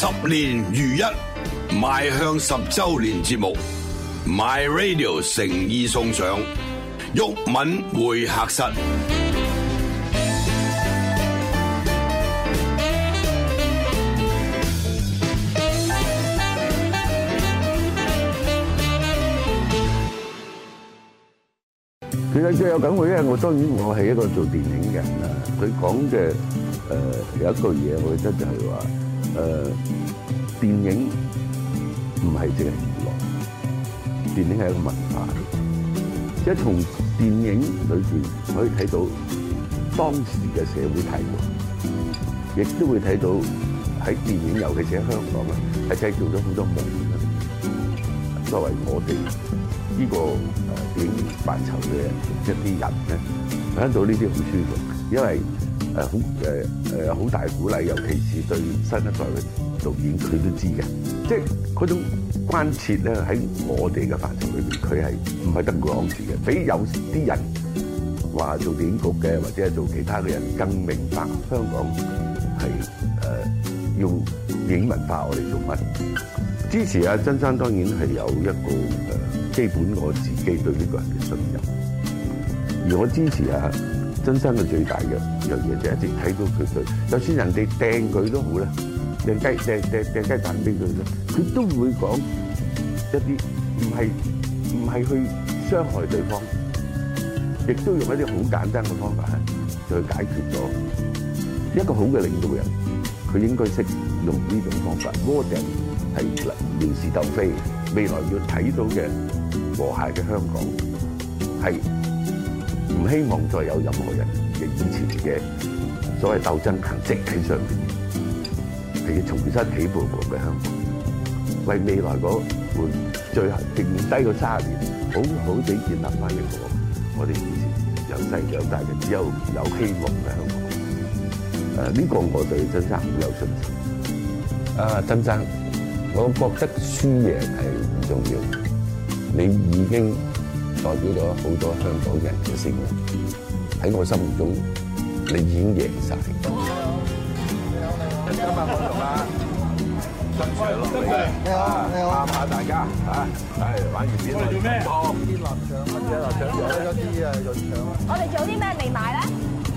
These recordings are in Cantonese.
十年如一，邁向十周年節目，My Radio 誠意送上。毓民會客室。其實最有感慨咧，我當然我係一個做電影人啦。佢講嘅誒有一個嘢，我覺得就係話。誒，電影唔係淨係娛樂，電影係一個文化。即係從電影裏邊可以睇到當時嘅社會態度，亦都會睇到喺電影，尤其是喺香港啊，係製造咗好多夢啊。作為我哋呢個誒電影範疇嘅一啲人咧，睇到呢啲好舒服，因為。誒好誒誒好大鼓勵，尤其是對新一代嘅導演，佢都知嘅。即係嗰種關切咧，喺我哋嘅範疇裏邊，佢係唔係得個講字嘅？比有啲人話做電影局嘅，或者係做其他嘅人，更明白香港係誒、呃、電影文化我哋做乜？支持阿、啊、曾生當然係有一個基本，我自己對呢個人嘅信任。而我支持阿、啊。真心嘅最大嘅一樣嘢，就一直睇到佢佢，就算人哋掟佢都好咧，掟雞掟掟掟雞蛋俾佢咧，佢都會講一啲唔係唔係去傷害對方，亦都用一啲好簡單嘅方法咧，就去解決咗一個好嘅領導人，佢應該識用呢種方法。窩頂係鬧事鬥非，未來要睇到嘅和諧嘅香港係。唔希望再有任何人嘅以前嘅所謂鬥爭痕迹喺上邊，係要重新起步嘅香港，為未來嗰會最後剩低嘅卅年，好好地建立翻嘅個我哋以前由細長大嘅、只有有希望嘅香港。誒，呢個我對曾生好有信心。阿、啊、曾生，我覺得輸贏係唔重要，你已經。代表咗好多香港人嘅聲音喺我心目中，你已經贏晒。你好，你好，你好。今日開盤啊，新上嚟啊，啱下大家吓，係玩完邊度？做咩？哦，啲臘腸乜嘢臘腸，整咗啲啊膶腸。我哋做啲咩嚟賣咧？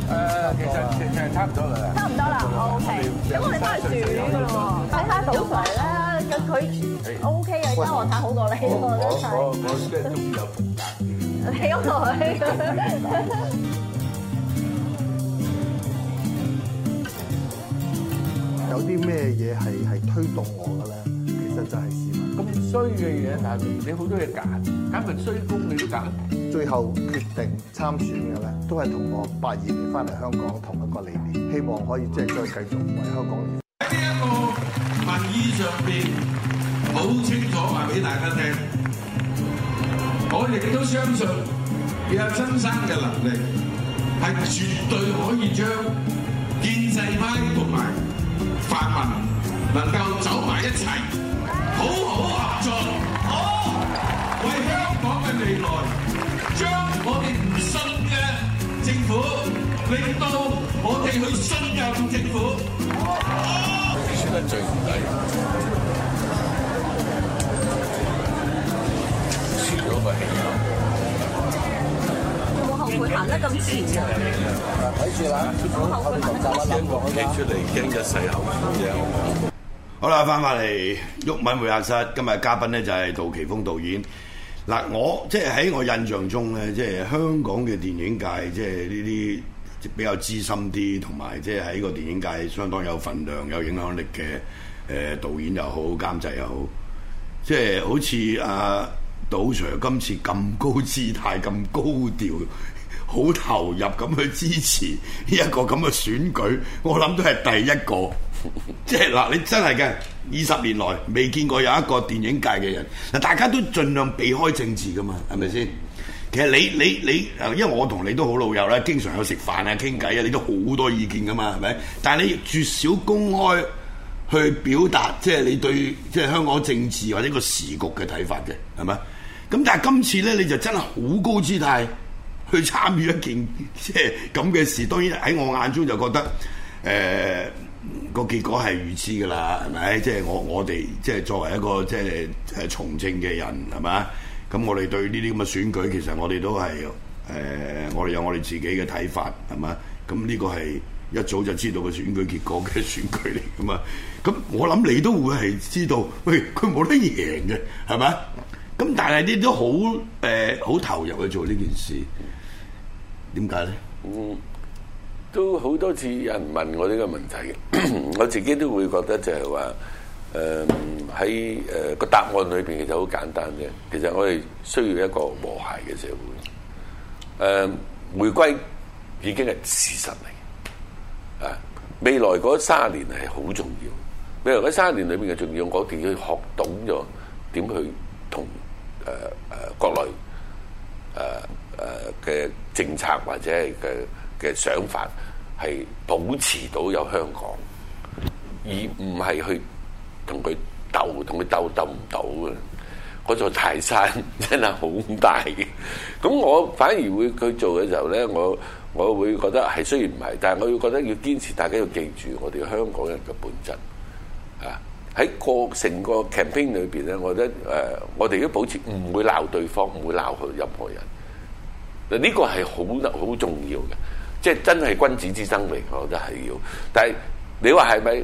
誒，其實誒差唔多啦。差唔多啦，OK。咁我哋翻去煮喎，睇下賭場啦。佢 O K 啊，嘉和泰好過你，我都睇。你好耐。有啲咩嘢係係推動我嘅咧？其實就係市民。咁衰嘅嘢，但係你好多嘢揀，揀份衰工你都揀。最後決定參選嘅咧，都係同我八二年翻嚟香港同一個理念，希望可以即係再繼續為香港。上邊好清楚話俾大家聽，我亦都相信有真誠嘅能力，係絕對可以將建制派同埋泛民能夠走埋一齊，好好合作，好為香港嘅未來，將我哋唔信嘅政府，令到我哋去信任政府。最唔抵，有冇後悔行得咁前？睇住啦，後悔走出嚟，驚一世後悔。好啦，翻返嚟毓民會客室，今日嘉賓呢，就係杜琪峯導演。嗱，我即係喺我印象中咧，即係香港嘅電影界，即係呢啲。比較資深啲，同埋即係喺個電影界相當有份量、有影響力嘅誒導演又好、監製又好，即係好似阿杜 Sir 今次咁高姿態、咁高調、好投入咁去支持呢一個咁嘅選舉，我諗都係第一個。即係嗱，你真係嘅二十年來未見過有一個電影界嘅人嗱，大家都盡量避開政治噶嘛，係咪先？其實你你你，因為我同你都好老友啦，經常有食飯啊、傾偈啊，你都好多意見噶嘛，係咪？但係你絕少公開去表達，即係你對即係香港政治或者個時局嘅睇法嘅，係咪？咁但係今次呢，你就真係好高姿態去參與一件即係咁嘅事，當然喺我眼中就覺得，誒，個結果係如此噶啦，係咪？即係我我哋即係作為一個即係誒從政嘅人，係咪？咁我哋對呢啲咁嘅選舉，其實我哋都係、呃、我哋有我哋自己嘅睇法，係嘛？咁呢個係一早就知道個選舉結果嘅、就係、選舉嚟㗎嘛？咁我諗你都會係知道，喂，佢冇得贏嘅，係嘛？咁但係你都好好、呃、投入去做呢件事，點解咧？嗯，都好多次有人問我呢個問題嘅， 我自己都會覺得就係話。誒喺誒個答案裏邊其實好簡單嘅，其實我哋需要一個和諧嘅社會。誒、呃、回歸已經係事實嚟，啊未來嗰三十年係好重要。未來嗰三十年裏邊嘅重要，我哋要學懂咗點去同誒誒國內誒誒嘅政策或者係嘅嘅想法係保持到有香港，而唔係去。同佢鬥，同佢鬥鬥唔到嘅，嗰座大山真係好大嘅。咁我反而會佢做嘅時候咧，我我會覺得係雖然唔係，但係我要覺得要堅持，大家要記住我哋香港人嘅本質啊！喺個成個 campaign 裏邊咧，我覺得誒、呃，我哋都保持唔會鬧對方，唔會鬧去任何人。嗱、這個，呢個係好好重要嘅，即、就、係、是、真係君子之爭嚟。我覺得係要，但係你話係咪？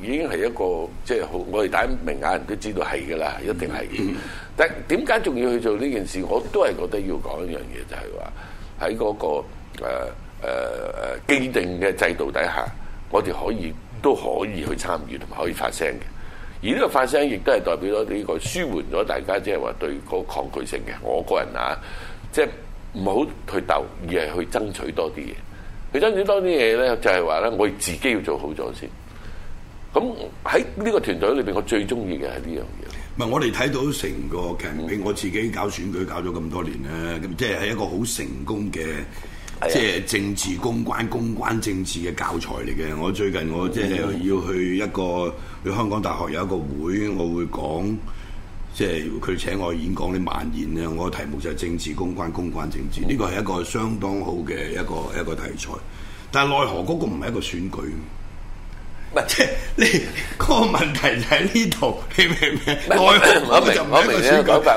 已經係一個即係好，就是、我哋大家明眼人都知道係噶啦，一定係。但係點解仲要去做呢件事？我都係覺得要講一樣嘢就係話喺嗰個誒誒、呃呃、既定嘅制度底下，我哋可以都可以去參與同埋可以發聲嘅。而呢個發聲亦都係代表咗呢個舒緩咗大家即係話對個抗拒性嘅。我個人啊，即係唔好去鬥，而係去爭取多啲嘢。去爭取多啲嘢咧，就係話咧，我自己要做好咗先。咁喺呢個團隊裏邊，我最中意嘅係呢樣嘢。唔係我哋睇到成個 campaign，我自己搞選舉搞咗咁多年啦，咁即係喺一個好成功嘅，即係政治公關、公關政治嘅教材嚟嘅。我最近我即係要去一個，去香港大學有一個會，我會講，即係佢請我演講啲漫延咧。我嘅題目就係政治公關、公關政治，呢個係一個相當好嘅一個一個題材。但係奈何嗰個唔係一個選舉。唔係，即係你嗰，那個問題就喺呢度，你明唔明？我明，我明咧，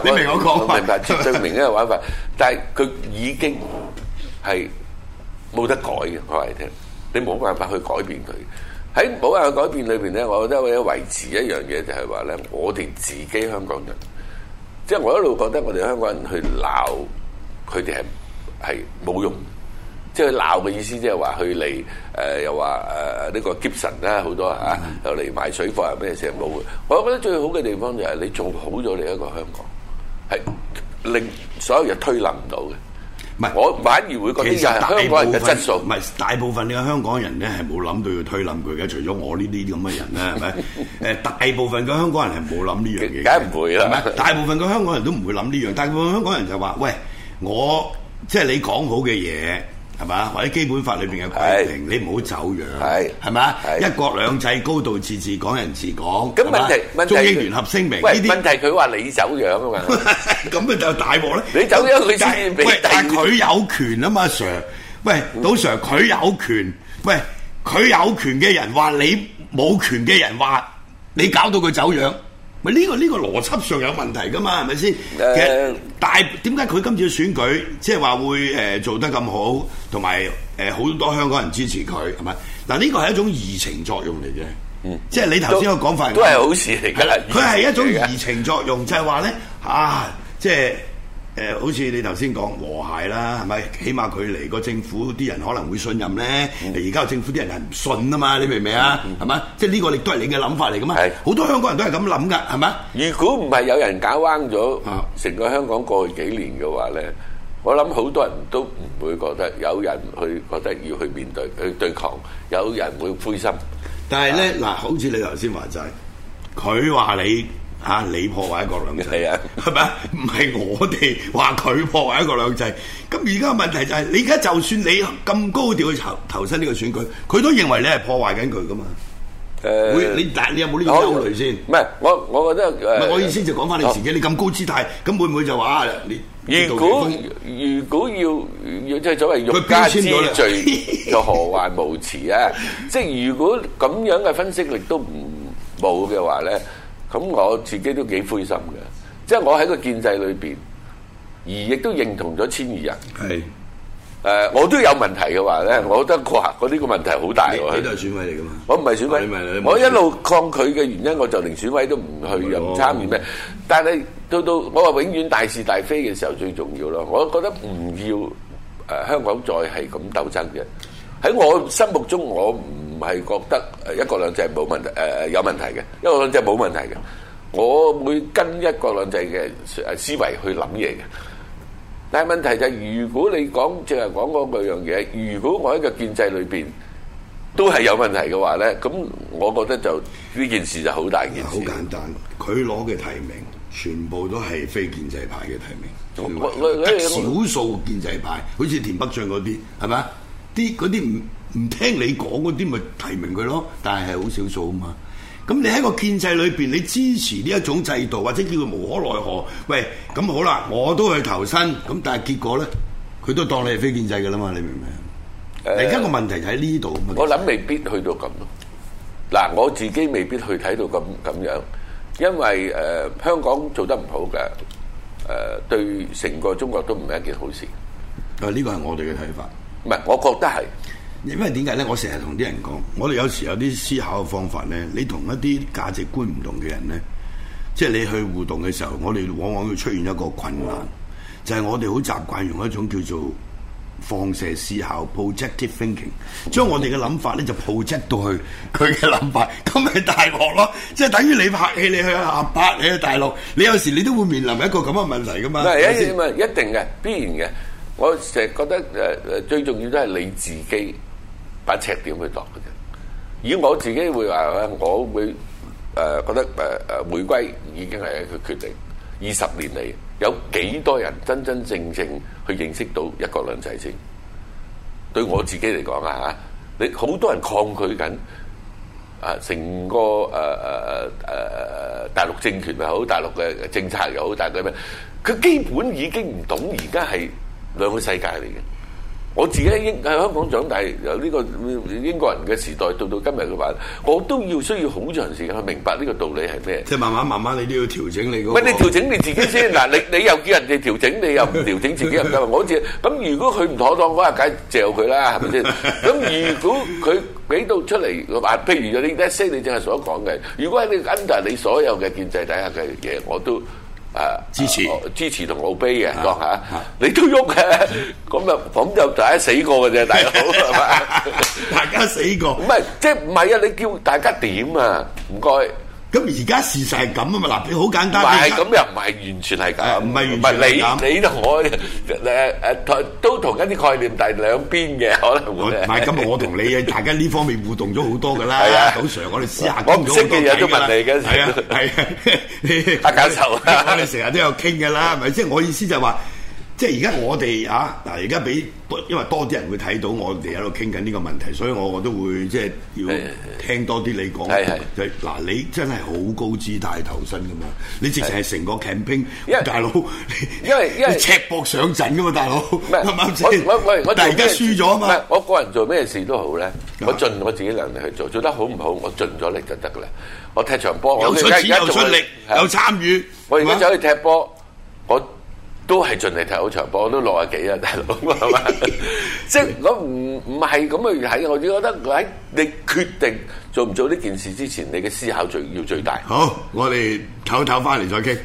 你明我講咩？我明白最明嘅玩法，但係佢已經係冇得改嘅，我話你聽，你冇辦法去改變佢。喺冇辦法改變裏邊咧，我覺得為咗維持一樣嘢就係話咧，我哋自己香港人，即、就、係、是、我一路覺得我哋香港人去鬧佢哋係係冇用。即係鬧嘅意思就是說去，即係話佢嚟誒，又話誒呢個 Gibson 啦，好多嚇，又嚟賣水貨又咩事冇嘅。我覺得最好嘅地方就係你做好咗你一個香港，係令所有嘢推冧唔到嘅。唔係我反而會覺得又係香港人嘅質素。唔係大部分嘅香港人咧係冇諗到要推冧佢嘅，除咗我呢啲咁嘅人咧，係咪？誒，大部分嘅香港人係冇諗呢樣嘢，梗係唔會啦，係 咪？大部分嘅香，香港人都唔會諗呢樣，大部分香港人就話：喂，我即係、就是、你講好嘅嘢。係嘛？或者基本法裏邊嘅規定你不要是是，你唔好走樣，係嘛？一國兩制、高度自治，港人治港。咁問題，問題中英聯合聲明呢啲問題，佢話你走 樣啊嘛？咁咪就大鑊啦。你走樣，佢先俾但二。佢有權啊嘛，Sir？喂，杜 Sir，佢有權？喂，佢有權嘅人話你冇權嘅人話你搞到佢走樣。呢個呢個邏輯上有問題噶嘛，係咪先？Uh, 其實大點解佢今次嘅選舉即係話會誒做得咁好，同埋誒好多香港人支持佢，係咪？嗱，呢個係一種移情作用嚟嘅，嗯，即係你頭先個講法都係好事嚟嘅，啦，佢係一種移情作用，就係話咧啊，即係。誒，好似你頭先講和諧啦，係咪？起碼佢嚟個政府啲人可能會信任咧。而、嗯、家政府啲人係唔信啊嘛，你明唔明啊？係、嗯、嘛？即係呢個亦都係你嘅諗法嚟噶嘛。好多香港人都係咁諗㗎，係嘛？如果唔係有人搞彎咗，成個香港過去幾年嘅話咧、啊，我諗好多人都唔會覺得有人去覺得要去面對去對抗，有人會灰心。但係咧，嗱、啊，好似你頭先話齋，佢話你。啊！你破壞一國兩制是啊是，係咪啊？唔係我哋話佢破壞一國兩制，咁而家個問題就係、是，你而家就算你咁高調去投投身呢個選舉，佢都認為你係破壞緊佢噶嘛？誒、呃，你但你有冇呢個憂慮先？唔係，我我覺得、呃、我意思就講翻你自己，你咁高姿態，咁會唔會就話啊？你如果如果要要即係作為欲加之罪，就何患無辭啊？ 即係如果咁樣嘅分析力都唔冇嘅話咧？咁我自己都幾灰心嘅，即係我喺個建制裏邊，而亦都認同咗千餘人。係，誒我都有問題嘅話咧，我覺得嗰嗰啲個問題好大喎。你都係選委嚟噶嘛？我唔係選委，我一路抗拒嘅原因，我就連選委都唔去唔參與咩？但係到到我話永遠大是大非嘅時候最重要咯。我覺得唔要誒香港再係咁鬥爭嘅。喺我心目中，我唔。係覺得一國兩制冇問題，誒有問題嘅，一國兩制冇問題嘅。我會跟一國兩制嘅思維去諗嘢嘅。但係問題就係、是，如果你講淨係講嗰個樣嘢，如果我喺個建制裏邊都係有問題嘅話咧，咁我覺得就呢件事就好大件事。好簡單，佢攞嘅提名全部都係非建制派嘅提名，即少數建制派，好似田北俊嗰啲，係咪啊？啲嗰啲唔。唔聽你講嗰啲，咪提名佢咯。但係係好少數啊嘛。咁你喺個建制裏邊，你支持呢一種制度，或者叫佢無可奈何。喂，咁好啦，我都去投身。咁但係結果咧，佢都當你係非建制嘅啦嘛。你明唔明？而家個問題就喺呢度。我諗未必去到咁咯。嗱，我自己未必去睇到咁咁樣，因為誒、呃、香港做得唔好嘅誒、呃，對成個中國都唔係一件好事。啊、呃，呢、呢個係我哋嘅睇法。唔係，我覺得係。因為點解咧？我成日同啲人講，我哋有時有啲思考嘅方法咧，你同一啲價值觀唔同嘅人咧，即係你去互動嘅時候，我哋往往會出現一個困難，就係、是、我哋好習慣用一種叫做放射思考 （projective thinking），將我哋嘅諗法咧就 project 到去佢嘅諗法，咁咪大鑊咯。即係等於你拍戲你去亞伯，拍你去大陸，你有時你都會面臨一個咁嘅問題噶嘛、唔係、就是。一定嘅，必然嘅。我成日覺得、呃、最重要都係你自己。把尺點去度嘅啫，以我自己會話我會誒覺得誒誒回歸已經係一個決定。二十年嚟有幾多人真真正正去認識到一國兩制先？對我自己嚟講啊嚇，你好多人抗拒緊啊，成個誒誒誒誒大陸政權又好，大陸嘅政策又好，大陸咩？佢基本已經唔懂，而家係兩個世界嚟嘅。我自己喺英喺香港長大，由呢個英國人嘅時代到到今日嘅話，我都要需要好長時間去明白呢個道理係咩？即係慢慢慢慢，你都要調整你嗰個。唔係你調整你自己先嗱，你你又叫人哋調整，你又唔調整自己又唔得嘛？我好似咁，如果佢唔妥當，嗰陣梗係嚼佢啦，係咪先？咁如果佢俾到出嚟嘅話，譬如你一聲，你啱先所講嘅。如果喺你 under 你所有嘅建制底下嘅嘢，我都。誒、啊，支持、啊哦、支持同老碑嘅、啊，當、啊啊、你都喐嘅，咁又咁就大家死過㗎啫，大佬係 大家死過，唔係即係唔係啊？你叫大家點啊？唔該。咁而家事實係咁啊嘛，嗱，好簡單，唔係咁又唔係完全係咁，唔係完全咁。你你我都可誒誒都同一啲概念大兩邊，但兩邊嘅可能會。唔係今日我同你大家呢方面互動咗好多噶啦，杜、啊、Sir，我哋私下唔傾咗好多偈啦。係啊，係啊，阿教授，我哋成日都有傾噶啦，係咪先？我意思就話、是即係而家我哋啊嗱，而家俾因為多啲人會睇到我哋喺度傾緊呢個問題，所以我我都會即係要聽多啲你講。係係嗱，你真係好高姿態投身㗎嘛？你直情係成個 camping，大佬，因為因為赤膊上陣㗎嘛，大佬。係啱唔啱先？我我，我但係而家輸咗啊嘛我。我個人做咩事都好咧，我盡我自己能力去做，做得好唔好，我盡咗力就得㗎啦。我踢場波，我有出錢，有出力，有參與。我而家走去踢波。都係盡力睇好場波，都六啊幾啊，大佬，係 嘛、 就是。即係我唔唔係咁去睇，我只覺得佢喺你決定做唔做呢件事之前，你嘅思考最要最大。好，我哋唞一唞翻嚟再傾。